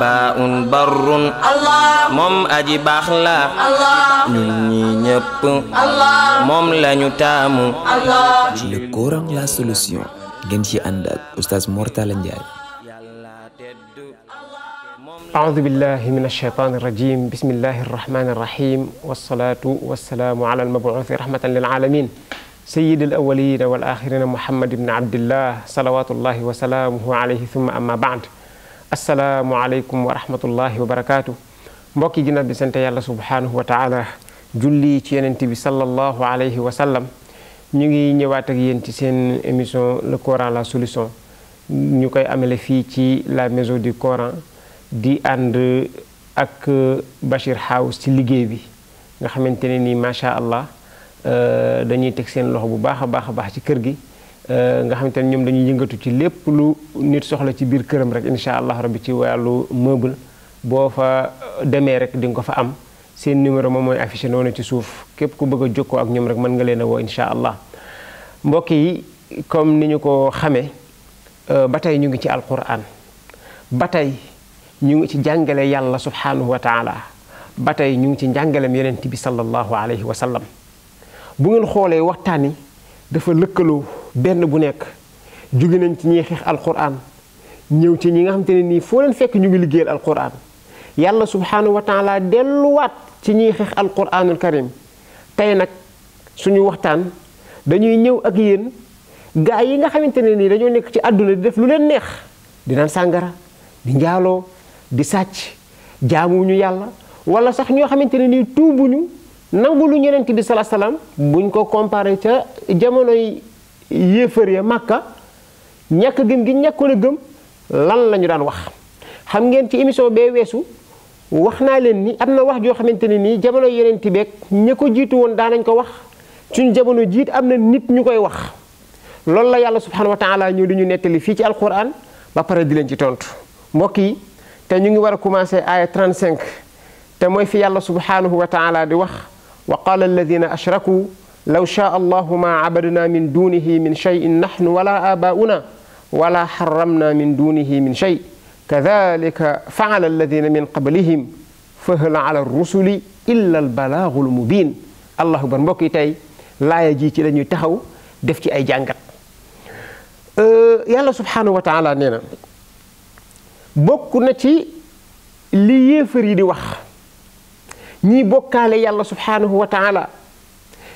baa un barrun moom aji baax la ñun ñi ñëpp moom lañu taamu le Coran la solution ngeen ci ànd ak oustaz Mortala Ndiaye أعوذ بالله من الشيطان الرجيم بسم الله الرحمن الرحيم والصلاة والسلام على المبعوث رحمة للعالمين سيد الأولين والآخرين محمد بن عبد الله صلوات الله وسلامه عليه ثم أما بعد السلام عليكم ورحمة الله وبركاته مباكي جنة بسنة الله سبحانه وتعالى جولي تيان انتبه صلى الله عليه وسلم نيجي نيواتك ينتي سين اميسون لكوران لا سوليسون نيوكي عمل في تي لا ميزو دي كوران دي اند اك باشير حاوس تي لغي بي نخمن تنيني ما شاء الله دانيي تكسين لغو باخ باخ باخ باخ تي كرغي Eh, nga xamanteni ñom dañuy yëngatu ci lépp lu nit soxla ci biir kërëm rek inshallah allah rabbi ci walu meuble bo fa eh, démé rek di nga fa am seen numéro moom moy affiché noonu ci suuf képp ku bëgg ak ñom rek man nga leena wo inshallah allah mbokk yi comme niñu ko xamé eh, ba ñu ngi ci alquran batay ñu ngi ci yalla subhanahu wa taala batay ñu ngi ci njàngalem yenenbi sallallahu alayhi wa sallam bu ngeen xolé waxtani dafa benn bu nekk jóge nañ ci ñiy xeex alquran ñëw ci ñi nga xamante ni nii foo leen fekk ñu ngi liggéeyal alquran yàlla subhanahu wa taala delluwaat ci ñiy xeex alquranul karim tey nag suñu waxtaan dañuy ñëw ak yéen gaa yi nga xamante ni nii dañoo nekk ci àdduna di def lu leen neex di naan sàngara di njaaloo di sàcc jaamuwuñu yàlla wala sax ñoo xamante ni tuubuñu nangu lu bi sala salaam buñ ko comparé ca jamonoy yéefar ya màkka ñàkk gëm gi ñàkkoon a gëm lan lañu daan wax xam ngeen ci émission bee weesu wax naa leen ni am na wax joo xamante ne nii jamono yeneen tibeeg ña ko jiitu woon daanañ ko wax suñ jamono jiit am na nit ñu koy wax loolu la yàlla subhanahu wa taala ñëw di ñu nettali fii ci alquran ba pare di leen ci tontu mbokk yi te ñu ngi war a commencé aaya cinq te mooy fi yàlla subhanahu wa taala di wax wa qala alladina ashraku law shaa allahu maa abadnaa min duunihi min cheyin nahnu wala aabaa'una wala xaramnaa min duunihi min chey kadalika faala alladina min qablihim fahal ala rusuli illa albalaagul mubiin allahu bar mbokk yi tey laaya ji ci la ñuy taxaw def ci ay jàngat yàlla subhaanahu wa taala nee na bokk na ci li yéefar yi di wax ñiy bokkaale yàlla subhaanahu wa taala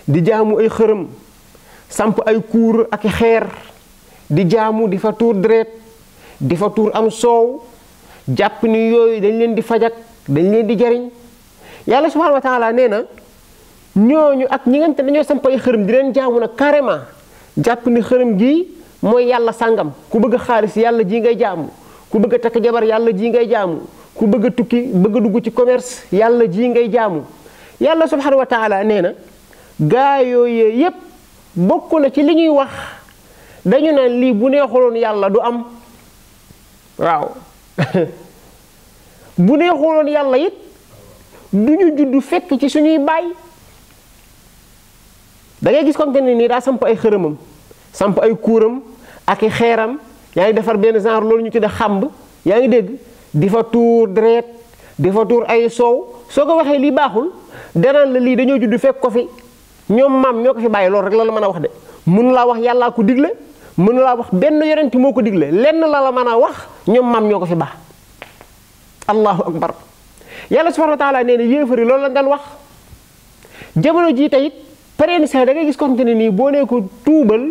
di jaamu ay xërëm samp ay kuur ak xeer di jaamu di fa tuur deret di fa tuur am soow jàpp ni yooyu dañ leen di fajak dañ leen di jariñ yàlla subhaanahu wa taala nee na ñooñu ak ñi ngante dañoo samp ay xërëm di leen jaamu nag carrément jàpp ni xërëm gi mooy yàlla sàngam ku bëgg xaalis yàlla jii ngay jaamu ku bëgg takk jabar yàlla ji ngay jaamu ku bëgg tukki bëgg dugg ci commerce yàlla ji ngay jaamu yàlla subhaanahu wa taala nee na gaayo ye yep bokku na ci li ñuy wax dañu na li bu neexulon yalla du am waaw bu neexulon yalla yit duñu judd fekk ci suñuy bay da ngay gis comme ni da samp ay xëreemam samp ay kuuram ak i xeeram yaa ngi defar ben genre loolu ñu tudde xamb yaa ngi dégg di fa tour deret di fa tour ay soow soko ko li baxul la li dañu judd fekk ko fi ñoom maam ñoo ko fi bàyyi loolu rek la la mën a wax de mënu laa wax yàllaa ko digle mënu laa wax benn yorenti moo ko digle lenn la la man a wax ñoom maam ñoo ko fi baax allahu akbar yàlla subhanahu wa nee loolu la daan wax jamono jii tey it pareen da ngay gis konte ne nii boo nee ko tuubal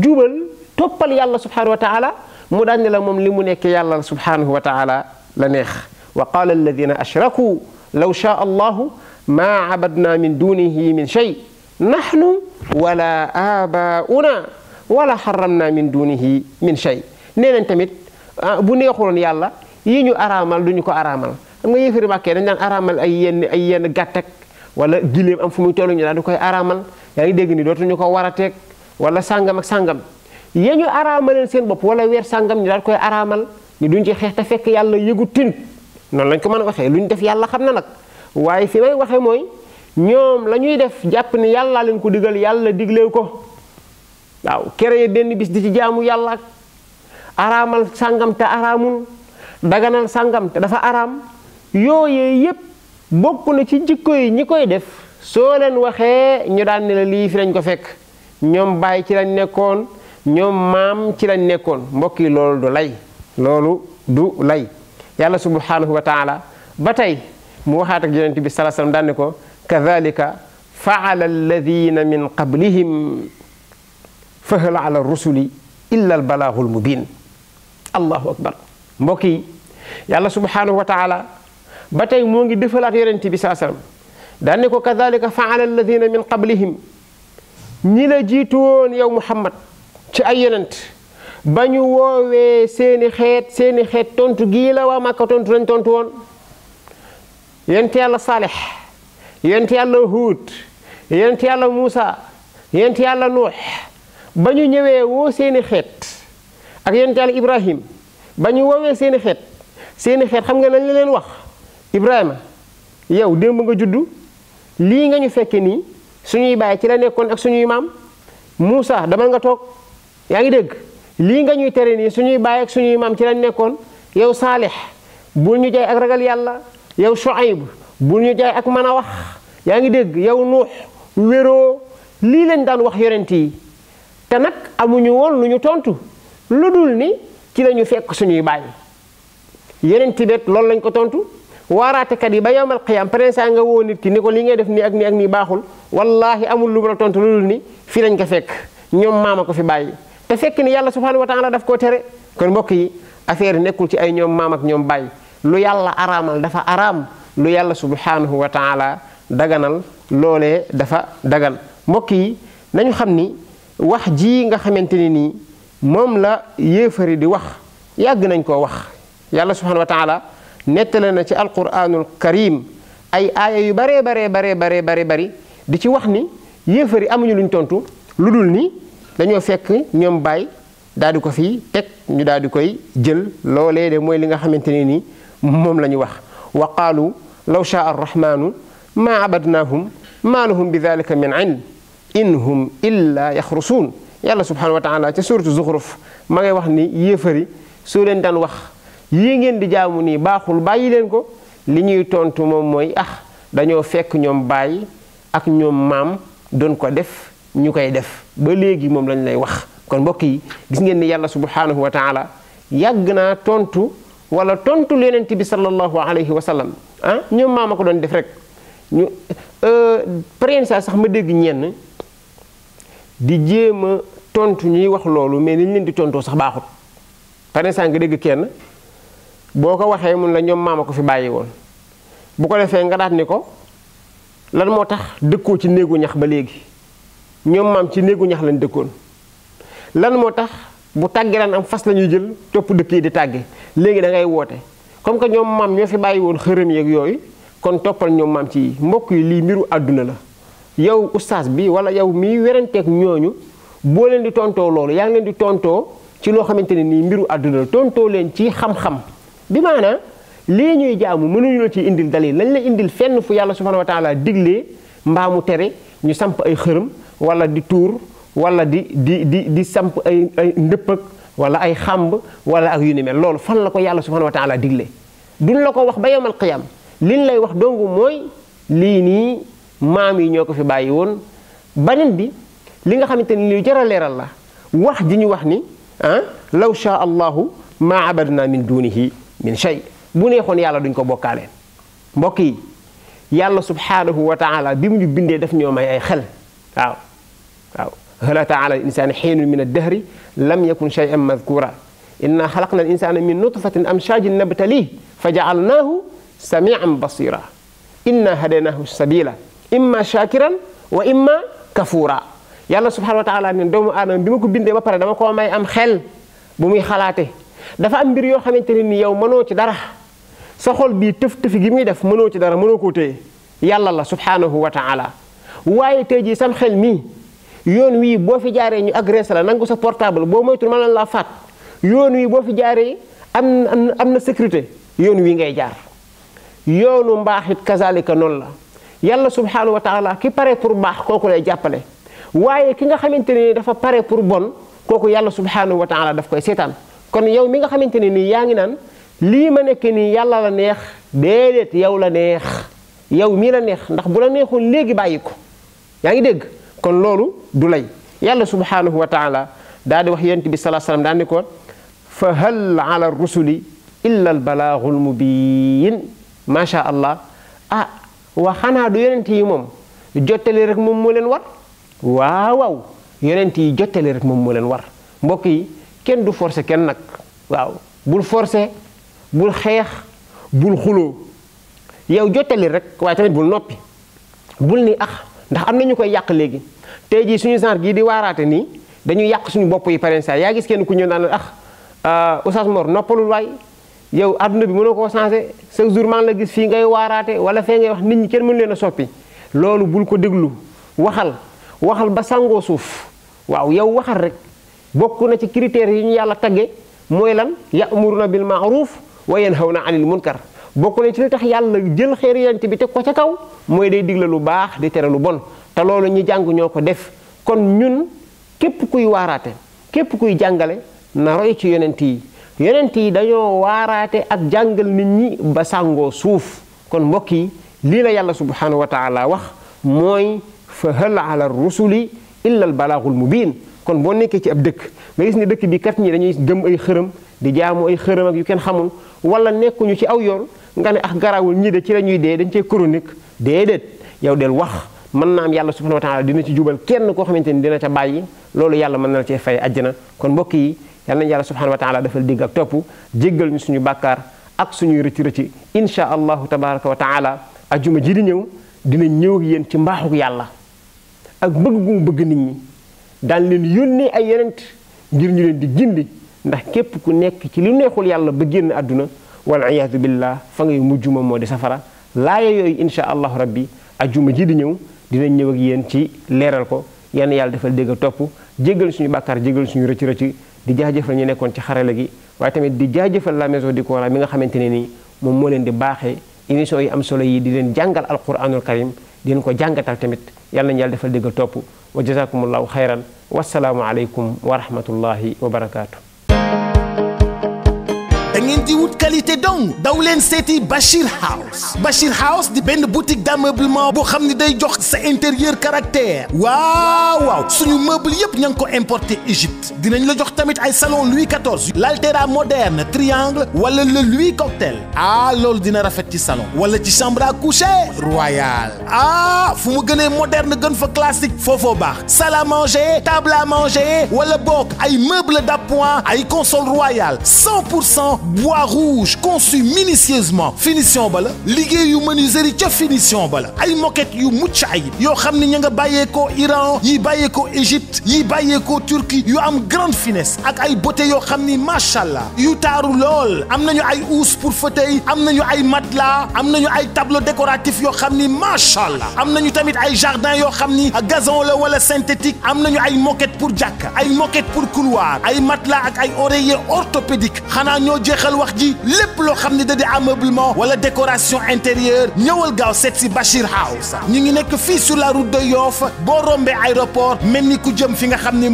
jubal toppal yàlla subhanahu wa taala mu daan la moom li mu nekk yàlla subhanahu wa taala la neex wa qaala alladina ashraku law shaa allahu maa abadna min dunihi nahnu wala abauna wala xaramna min dunihi min shay nee nañ tamit ah, bu neexuloon yàlla yi ñu araamal du ñu ko araamal xam nga yéefari màkkee dañ daan araamal ay yenn ay yenn gàttek wala giléem am fu muy tollu ñu daan du koy araamal yaa ngi ni dootuñu ko war a teeg wala sàngam ak sàngam ya ñu araamaleen seen bopp wala weer sàngam ñu daal koy araamal ni duñ ci xeex te fekk yàlla yëgu tin noonu lañ ko mën a waxee lu ñu def yàlla xam na nag waaye fi may waxee mooy ñoom la ñuy def jàpp ni yàlla leen ko digal yàlla diglew ko waaw kere benn bis di ci jaamu yàlla araamal sàngam te araamul daganal sàngam te dafa araam yooyee yépp bokk na ci jikko yi ñi koy def soo leen waxee ñu daan ne la lii fi lañ ko fekk ñoom bàyyi ci lañ nekkoon ñoom maam ci lañ nekkoon mbokk yi loolu du lay loolu du lay yàlla subhanahu wa taala ba tey mu waxaat ak yonent bi sallallahu alayhi ko kadalika faala alladina min qablihim fahal ala rusuli illa akbar mbokk yi yàlla subhanahu wa taala ba tey moo ngi defalaat yonent bi saa sallam daan ne ko kadalika min qablihim ñi la jiitu woon yow muhammad ci ay yonent ba ñu woowee seeni xeet seeni xeet tontu gii la waa màkka tontu lañ tontu woon yonent yàlla saalix yent yàlla huut yent yàlla muusa yent yàlla nuux ba ñu ñëwee woo seeni xeet ak yent yàlla ibrahim ba ñu woowee seeni xeet seeni xeet xam nga nañ la leen wax ibrahima yow démb nga juddu lii nga ñu fekke nii suñuy bàyyi ci la nekkoon ak suñuy maam muusa dama nga toog yaa ngi dégg lii nga ñuy tere nii suñuy bàyyi ak suñuy maam ci la nekkoon yow saalix bul ñu jay ak ragal yàlla yow shuayb bu ñu jaay ak mën wax ya ngi dégg yow nuux wéroo li lañ daan wax yorenti yi te nag amuñu woon lu ñu tontu lu dul ni ci lañu fekk suñuy bay yorenti bet loolu lañ ko tontu yi ba qiyam prinsa nga wo nit ki ni ko li ngay def ni ak ni ak ni baxul wallahi amul lu mu tontu lu dul ni fi lañ ko fekk ñom mama ko fi te fekk ni yalla subhanahu wa taala daf ko téré kon mbokk yi affaire nekkul ci ay ñom mamak ak ñom bàyyi lu yalla aramal dafa aram lu yàlla subhanahu wa taala daganal loole dafa dagan mbokk yi nañu xam ni wax ji nga xamante ne nii moom la yéefari di wax yàgg nañ koo wax yàlla subhanahu wa taala nettale na ci alquranul karim ay aaya yu baree baree baree baree bare bari di ci wax ni yéefari amuñu luñ tontu lu dul ni dañoo fekk ñoom daal di ko fi teg ñu daal di koy jël loolee mooy li nga xamante ne nii la ñu wax law shaa arrahmaanu maa abadnaahum maa lahum bi dalika min ilm in hum illa yaxrusuun yàlla subhanahu wa taala ca suratu zuxruf ma ngay wax ni yéefari soo leen daan wax yii ngeen di jaamu nii baaxul bàyyi leen ko li ñuy tontu moom mooy ah dañoo fekk ñoom bàyyi ak ñoom maam doon ko def ñu koy def ba léegi moom lañ lay wax kon mbokk yi gis ngeen ni yàlla subhanahu wa taala yàgg naa tontu wala tontu yonent bi sallallahu wa sallam ah ñoom maama ko doon def rek ñu euh prince sax ma deg ñenn di jema tontu ñi wax lolu mais niñ leen di tonto sax baxut pare saa nga deg kenn boko waxe mun la ñom mama ko fi bayyi won bu ko defé nga daat ni ko lan motax dekkoo ci neegu ñax ba legi ñom mam ci neegu ñax lañ dekkoon lan motax bu tàggee am fas la jël top dekk yi di taggé legi da ngay woté comme que ñoom maam ñoo fi bàyyi woon xërëm yeeg yooyu kon toppal ñoom maam ci mbokk yi lii mbiru àdduna la yow ustaas bi wala yow mii weranteeg ñooñu boo leen di tontoo loolu yaa ngi leen di tontoo ci loo xamante ne nii mbiru àdduna la tontoo leen ci xam-xam bi maana lii ñuy jaamu mënuñu la ci indil dalil lañ la indil fenn fu yàlla subhanahu wa taala diglee mbaa tere ñu samp ay xërëm walla di tuur wala di di di di samp ay ay ndëpp wala ay xàmb wala ak yu ni mel loolu fan la ko yàlla subhanahu wa taala digle duñ la ko wax ba yowmal qiyam liñ lay wax dongu mooy lii nii maam yi ñoo ko fi bàyyi woon beneen bi li nga xamante ni lu jar a leeral la wax ji ñu wax ni ah, law shaa allahu maa abadna min dunihi min shay bu neexoon yàlla duñ ko bokkaaleen mbokk yi yàlla subhanahu wa taala bi mu ñu bindee def ñoo may ay xel waaw waaw halata ala al insani xiinun min ad-dahri lam yakun shay'an madkura inna xalaqna al insana min nutfatin amshajin nabtalih fa ja'alnahu samian basira inna hadaynahu sabila imma shakiran wa imma kafura yàlla subhanahu wa taala ne doomu aadama bi ma ko bindee ba pare dama koo may am xel bu muy xalaate dafa am mbir yoo xamante ne ni yow mënoo ci dara sa xol bii tëf tëfi gi muy def mënoo ci dara mënoo koo téye yàlla la subhanahu wa taala sam xel mii yoon wii boo fi jaaree ñu agressé la nangu sa portable boo moytul ma lan laa faat yoon wii boo fi jaaree am am na sécurité yoon wii ngay jaar yoonu mbaaxit kazalika noonu la yàlla subhaanahu wa taala ki pare pour baax kooku lay jàppale waaye ki nga xamante ne dafa pare pour bon kooku yàlla subhaanahu wa taala daf koy seetaan kon yow mi nga xamante ne nii yaa ngi naan lii ma nekk nii yàlla la neex déedéet yow la neex yow mii la neex ndax bu la neexul léegi bàyyi ko yaa ngi dégg kon lolu du lay yàlla subhanahu wa taala daa wax yent bi salaa salaam daa ni ko fa hal ala rusuli illa al balaagul mubiin macha allah ah waa xanaa du yonent yi moom jottali rek moom moo leen war waaw waaw yonent yi jottali rek moom moo leen war mbokk yi kenn du forcé kenn nag waaw bul forcé bul xeex bul xuloo yow jottali rek waaye tamit bul noppi bul ni ax ndax am na ñu koy yàq léegi tey jii suñu genre gii di waaraate nii dañuy yàq suñu bopp yi pare saa yaa gis kenn ku ñëw naan ah euh, Oustaz Mor noppalul waay yow adduna bi mënoo koo changé chaque jour maa ngi la gis fii ngay waaraate wala fee ngay wax nit ñi kenn mënu leen a soppi loolu bul ko déglu waxal waxal ba sangoo suuf waaw yow waxal rek bokk na ci critères yi ñu yàlla tagge mooy lan ya'muruna bil ma'ruf wa yanhawna mun kar bokk na ci li tax yàlla jël xeeru yonent bi teg ko ca kaw mooy day digle lu baax di tere lu bon te loolu ñi jàng ñoo ko def kon ñun képp kuy waaraate képp kuy jàngale na roy ci yonent yi yonent yi dañoo waaraate ak jàngal nit ñi ba sàngoo suuf kon mbokk yi lii la yàlla subhanahu wa taala wax mooy fa hal ala rusuli illa al balaagul biin kon boo nekkee ci ab dëkk nga gis ne dëkk bi kat ñi dañuy gëm ay xërëm di jaamu ay xërëm ak yu kenn xamul wala nekkuñu ci aw yoon nga ne ah garawul ñii de ci la dee dañ cee chronique déedéet yow del wax mën naa am yàlla subhanahu wa taala dina ci jubal kenn koo xamante ni dina ca bàyyi loolu yàlla mën na la cee fay àjjana kon mbokk yi yal nañu yàlla subhanahu wa taala dafal dégg ak topp jéggal ñu suñu bàkkaar ak suñuy rëcc rëcc insha allahu tabaraka wa taala ajuma ji di ñëw dina ñëw ak yéen ci mbaaxuk yàlla ak bëgg gu mu bëgg nit ñi daan leen yónnee ay yonent ngir leen di gindi ndax képp ku nekk ci lu neexul yàlla ba génn àdduna wal iyaadu billah fa ngay mu moom moo di safara laaya yooyu insha allahu rabbi ajuma ji di ñëw dinañ ñëw ak yéen ci leeral ko yenn yàlla defal dégg topp jéggal suñu bàkkaar jéggal suñu rëcc rëcc di jaajëfal ñu nekkoon ci xarala gi waaye tamit di jaajëfal la maison di Coran mi nga xamante ne nii moom moo leen di baaxee émission yi am solo yii di leen jàngal al karim di leen ko jàngatal tamit yàlla nañu yàlla defal dégg topp wa jazakumullahu xayran wasalaamu aleykum wa rahmatullahi wa localité Dans dawlen leen de Bachir House Bachir House di benn boutique d'ameublement boo xam day jox sa intérieur caractère Wow! waaw suñu meuble yëpp ña ko importé Égypte dinañ la jox tamit ay salon Louis XIV l'altera moderne triangle wala le Louis cocktail ah lol dina rafet ci salon wala ci chambre à coucher royal ah fu mu gënee moderne gën fa classique fofo baax salle à manger table à manger wala bok ay meuble d'appoint ay console royale 100 bois rouge rouge conçu minutieusement finition bala ligue liggéey yu finition bala ay moquette yu mucc ayib yoo xam ne ña Iran yi ko Égypte yi ko Turquie yu am grande finesse ak ay beauté yo xamni machallah yu taru lol. amnañu ay housse pour fauteuil am nañu ay matelas amnañu ay tableau décoratif yo xamni machallah amnañu tamit ay jardin yo xamni gazon la wala synthétique amnañu ay moquette pour jàkka ay moquette pour couloir ay matelas ak ay oreiller orthopédique xana ñoo jéxal wax ji les loo xam ne ameublement wala décoration intérieure ñëwal gaaw Nous si Bachir House ñu nekk sur la route de Yoff Borombe aéroport mel ni ku jëm fi nga xam ni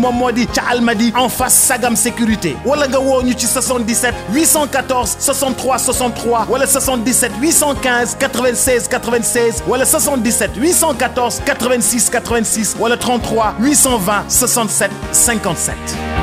en face Sagam sécurité wala nga 77 814 63 63 wala 77 815 96 96 wala 77 814 86 86 wala 33 820 67 57.